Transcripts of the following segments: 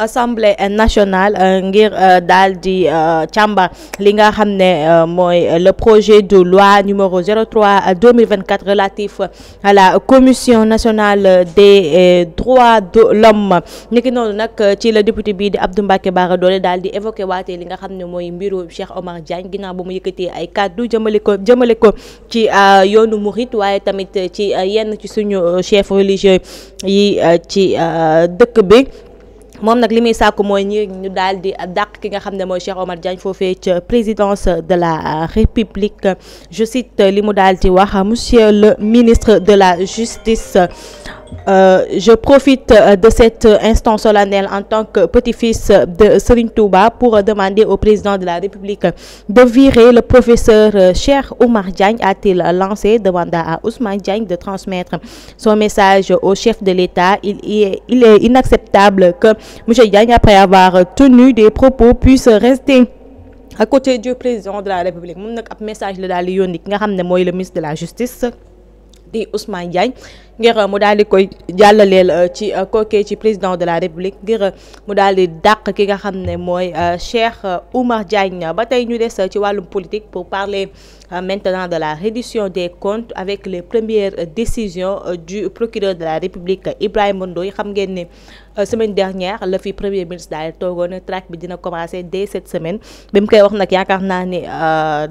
assemblée nationale euh, ngir euh, dal di euh, càmbar li nga xamné moy le projet de loi numéro 03 2024 relatif à la commission nationale des droits de l'homme niki non nak ci le député bi di Abdou Mbacké Bara Dolly dal di évoquer waatee li nga xamné moy mooy mbiru Cheikh Omar Diagne ginaaw ba mu yëkkatee ay kàddu jëmale ko jëmale ko ci yoonu murit waye tamit ci yenn ci suñu chef religieux yi ci dëkk bi moom nag li muy sàkku mooy ñi ñu daal di ki nga xam ne Cheikh Omar Diagne foofee ca présidence de la République je cite li mu wax monsieur le ministre de la justice euh, je profite euh, de cette euh, instant solennel en tant que petit-fils de Serine Touba pour demander au président de la République de virer le professeur Cher Omar Diagne, a-t-il lancé, demanda à Ousmane Diagne de transmettre son message au chef de l'État. Il, est inacceptable que M. Diagne, après avoir tenu des propos, puisse rester à côté du président de la République. Mon message le le ministre de la Justice di Ousmane Diagne ngir uh, mu daal koy jallalel uh, ci uh, kookee ci président de la république ngir mu daal di dàq ki nga xamné moy Cheikh Oumar Diagne ba tay ñu dess ci walum politique pour parler. Euh, maintenant de la reddition des comptes avec les premières décisions euh, du procureur de la République ibrahim Mondoy. La euh, semaine dernière le fi premier ministre daal toogoon track bi commencer dès cette semaine même si koy wax nag yaakaar naa ne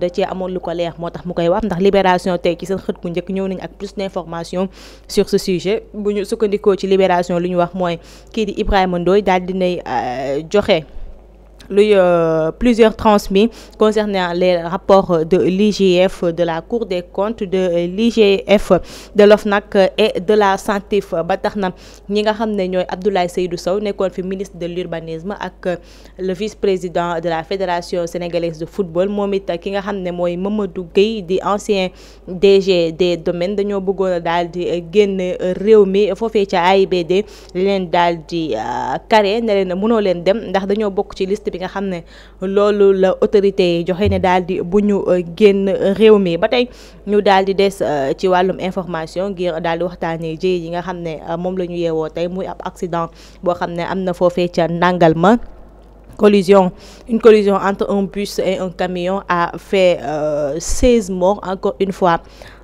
da cee amoon lu ko leer moo libération tey ci seen xët ku plus d'informations sur ce sujet bu ñu que ci libération li ñu wax qui est di Ibrahima a euh, plusieurs transmis concernant les rapports de l'IGF, de la Cour des comptes, de l'IGF, de l'OFNAC et de la Santif ba tax na ñi nga Abdoulaye Seydou Sow nekkoon fi ministre de l'urbanisme ak euh, le vice-président de la Fédération sénégalaise de football Momit it ki nga xam ne Mamadou Gueye di ancien DG des domaines dañoo bëggoon Daldi, daal di euh, génn AIBD leen d'Aldi di carré ne leen mënoo leen dem ndax ci liste bi nga xam ne loolu la autorité yi joxe ne daal di bu ñu euh, génn réew mi ba tey ñu daal di des euh, ci wàllum information ngir daal di waxtaanee jëye yi nga xam ne euh, moom la ñu yeewoo tey muy ab accident boo xam ne am na foofee ca ndàngal ma collision, une collision entre un bus et un camion a fait euh, 16 morts encore une fois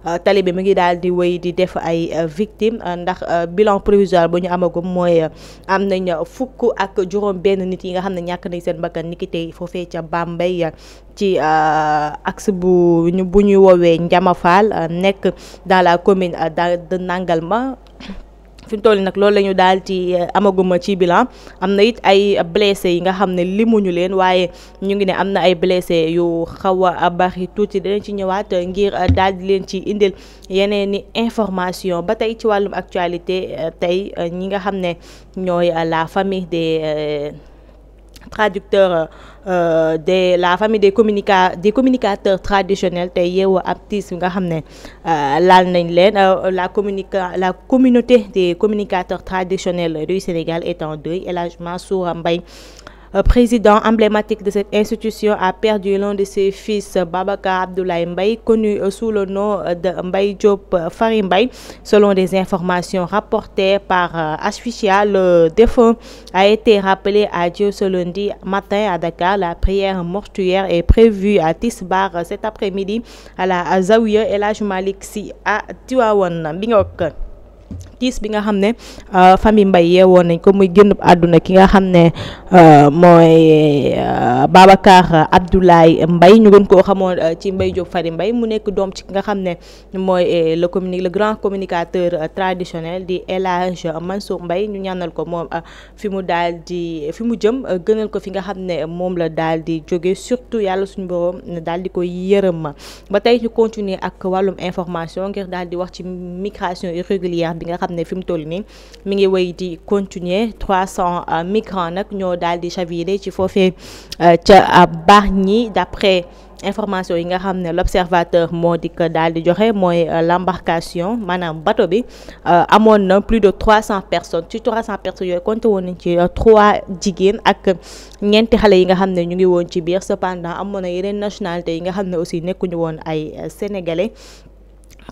euh, tali bi mu ngi daal di wéy di def ay euh, victimes euh, ndax bilan provisoire bu ñu amagum mooy am nañ fukk ak juróom benn nit yi nga xam ne ñàkk nañ seen bakkan niki tey foofee ca Bambey ci axe bu bu ñu woowee Njamafal nek dans la commune de Nangalma fi mu toll nag loolu lañu daal ci eh, amaguma ci bilan am na it ay blessé yi nga xam ne limuñu leen waaye ñu ngi ne am na ay blessé yu xaw a bari tuuti danañ ci ñëwaat eh, ngir eh, daal leen ci indil yeneen i information ba tey ci wàllum actualité tey ñi nga xam ne ñooy la famille des traducteur euh, euh, de la famille des des communicateurs traditionnels euh, la la communauté des communicateurs traditionnels du Sénégal est en deuil un bain euh, président emblématique de cette institution, a perdu l'un de ses fils, Babaka Abdoulaye Mbaye, connu euh, sous le nom euh, de Mbaye Diop Farimbay, Selon des informations rapportées par Asfixia, le défunt a été rappelé à Dieu ce lundi matin à Dakar. La prière mortuaire est prévue à Tisbar cet après-midi à la Zawiya et la à Tiwawan. Bingok. tiis bi nga xam ne euh, famille Mbaye yeewoon nañ ko muy génn àdduna ki nga xam ne euh, mooy euh, Babacar Abdoulaye mbay ñu gën koo xamoon ci mbay Diop fari mbay mu nekk doom ci ki nga xam ne mooy le communi le grand communicateur traditionnel di élage Hadj Mansour Mbaye ñu ñanal ko moom fi mu daal di fi mu jëm gënal ko fi nga xam ne moom la daal di jóge surtout yàlla suñu borom daal di koy yërëm ba tey ñu continuer ak wàllum information ngir daal di wax ci migration irrégulière bi nga xam ne fi mu toll mi ngi way di continuer 300 euh, migrants nag ñoo daal di chaviré ci fofé ci baax ñi d'après information yi nga xamné l'observateur modique d'aller ko daal di euh, l'embarcation manam bateau bi euh, mon nom plus de 300 personnes ci 300 personnes yoy konté won ci trois jigéen ak ñenti xalé yi nga xamné ñu ngi won ci biir cependant à na yeneen nationalité yi nga xamné ne aussi nekkuñu won ay sénégalais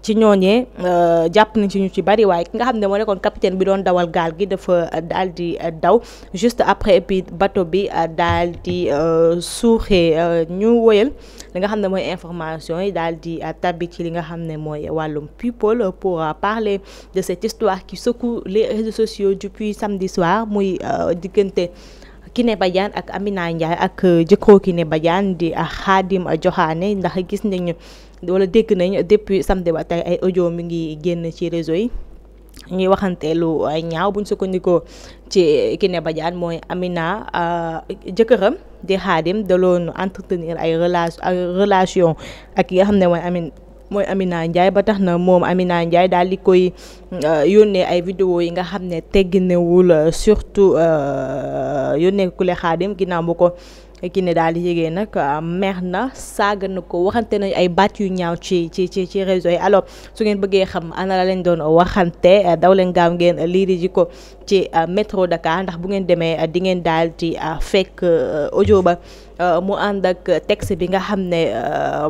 ci ñooñee euh, japp nañ ci ñu ci bari waaye ki nga xam ne moo nekkoon capitaine bi doon dawal gaal gi dafa euh, daal di euh, daw juste après et puis bateau bi daal di suuxee ñu woyal li nga xam ne mooy information yi daal di tabbi ci li nga xam ne mooy people pour parler de cette histoire qui secoue les réseaux sociaux depuis samedi soir muy diggante Kiné Badiane ak Amina Ndiaye ak euh, jëkkoo ne Badiane di a euh, Khadim joxaane ndax gis nañu wala dëkk nañ depuis samedi ba tey ay audio mi ngi génn ci réseau yi ñuy waxanteelu euh, ñaaw buñ sukkandikoo ci Kiné Badiane mooy Amina jëkkëram di Khadim daloon entretenir ay relation ak yi nga xam ne mooy Amina mooy ami Amina Ndiaye ba tax na moom ami Amina Ndiaye daal di koy euh, yónnee ay vidéo yi nga xam ne tegginewul euh, surtout euh, yónnee ku le xaadim ginnaaw bu ko Kiné daal di yégué nak mer na saaga na ko waxante nañ ay baat yu ñaaw ci ci ci ci réseau yi alors su ngeen bëggee xam ana la leen doon waxanté euh, daw leen gaaw ngeen euh, liri jiko ci euh, métro Dakar ndax bu ngeen démé di ngeen daal ci fekk audio ba mu and ak texte bi nga xamné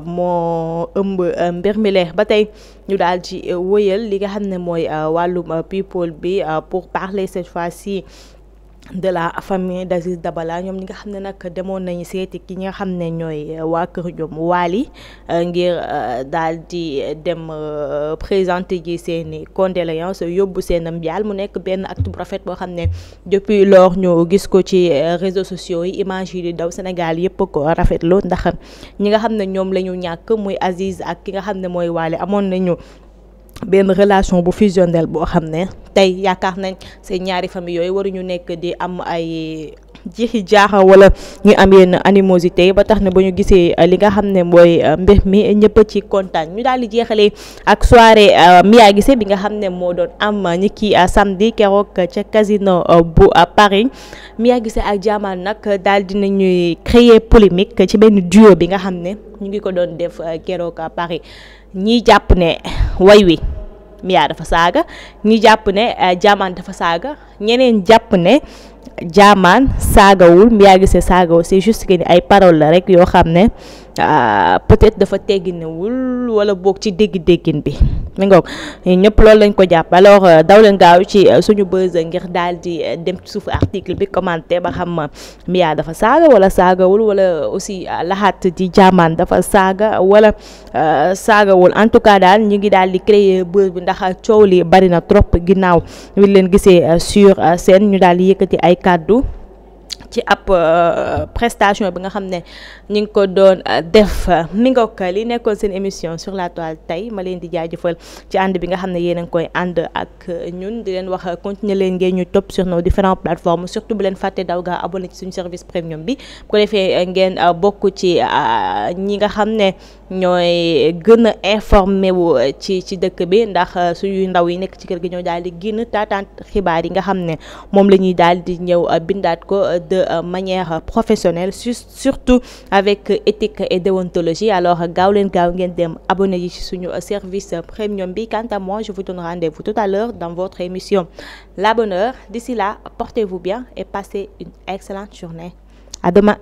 mo ëmb mbir mi lee ba ñu daal ci woyal li nga xamné moy walum people bi pour parler cette fois-ci de la famille d'Aziz Dabala ñom ñi nga xamné nak nag nañu ki nga xamné ñoy Wali dem euh, présenter ji seen condoléances seen mu acte depuis lors ñu gis ko ci euh, réseaux sociaux yi image yi daw Sénégal yépp ko ndax ñi nga Aziz ak ki nga benn relation bu fusionnelle boo xam ne tey yaakaar nañ seen ñaari famille yooyu waruñu nekk di am ay jixi jaaxa wala ñu am yenn animosité ba tax ne ba ñu gisee euh, li nga xam ne mooy euh, mbir mi ñëpp ci kontaan ñu daal di jeexalee ak soirée euh, Mia Guissé bi nga xam ne moo doon am ñi ki samedi keroog ca casino bu Paris Mia Guissé ak Jahman nag daal di nañuy créer polémique ci benn duo bi nga xam ne ñu ngi ko doon def keroog Paris ñiy jàpp ne. way wi Mia dafa saaga ñi jàpp ne Diamane eh, dafa saaga ñeneen jàpp ne jaamaan saagawul Mbiya Guissé saagawul c'est juste que ni ay parole la rek yoo xam ne ah, peut-être dafa tegginewul wala boog ci dégg-déggin bi mi ngoog ñëpp loolu lañ ko jàpp alors euh, daw leen gaaw ci euh, suñu buzz ngir daal di euh, dem suuf suufu article bi commenté ba xam Mbiya dafa saaga wala saagawul wala aussi laxaat di jaamaan dafa saaga wala saagawul en tout cas daal ñu ngi daal di créer buzz bi ndax coow li bari na trop ginnaaw wi leen gisee sur sur euh, scène ñu daal di yëkkati ay kàddu ci ab euh, prestation bi nga xam ne ñu ngi ko doon euh, def mi nga ko li nekkoon seen émission sur la toile tey ma leen di jaajëfal ci ànd bi nga xam ne yéen a ngi koy ànd ak ñun di leen wax continuer leen ngeen ñu topp sur nos différentes plateformes surtout bu leen fàtte daw gaa abonné ci suñu service premium bi ko defee ngeen bokk ci ñi nga xam ne. nous gën a informé wu euh, ci ci dëkk bi ndax euh, suñu ndaw yi nekk ci kër gi ñoo daal di xibaar yi nga euh, ko de manière professionnelle surtout avec éthique et déontologie alors gaaw leen gaaw ngeen dem abonné yi ci suñu service premium bi quant à moi je vous donne rendez-vous tout à l'heure dans votre émission La Bonne Heure d'ici là portez-vous bien et passez une excellente journée à demain